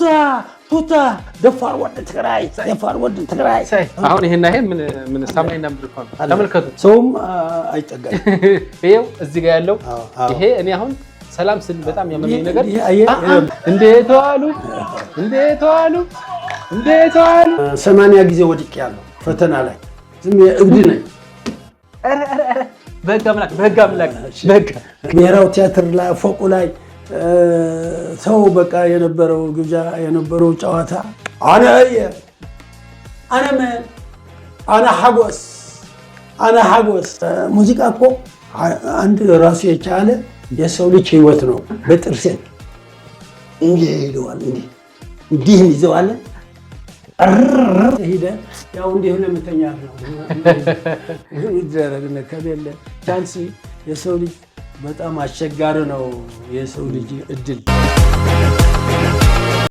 ቱታ ቱታ ደፋር ትግራይ ደፋር ትግራይ። አሁን ይሄና ይሄ ምን ምን ሰማይና ምድር ነው። ተመልከቱ፣ ሰውም አይጠጋም። ይሄው እዚህ ጋር ያለው ይሄ እኔ አሁን ሰላም ስል በጣም ያመመኝ ነገር እንዴት ዋሉ፣ እንዴት ዋሉ፣ እንዴት ዋሉ። ሰማንያ ጊዜ ወድቅ ያለው ፈተና ላይ ዝም እብድ ነኝ። በህግ አምላክ፣ በህግ አምላክ፣ በህግ ብሔራዊ ቲያትር ላይ ፎቁ ላይ ሰው በቃ የነበረው ግብዣ የነበረው ጨዋታ አነ እየ አነ መን አነ ሐጎስ አነ ሐጎስ። ሙዚቃ እኮ አንድ ራሱ የቻለ የሰው ልጅ ህይወት ነው። በጥርሴን እንዲህ ይለዋል፣ እንዲህ እንዲህ ይዘዋለን ሂደ ያው እንዲህ ለምተኛ ነው ይደረግ ከሌለ ቻንሲ የሰው ልጅ በጣም አስቸጋሪ ነው የሰው ልጅ እድል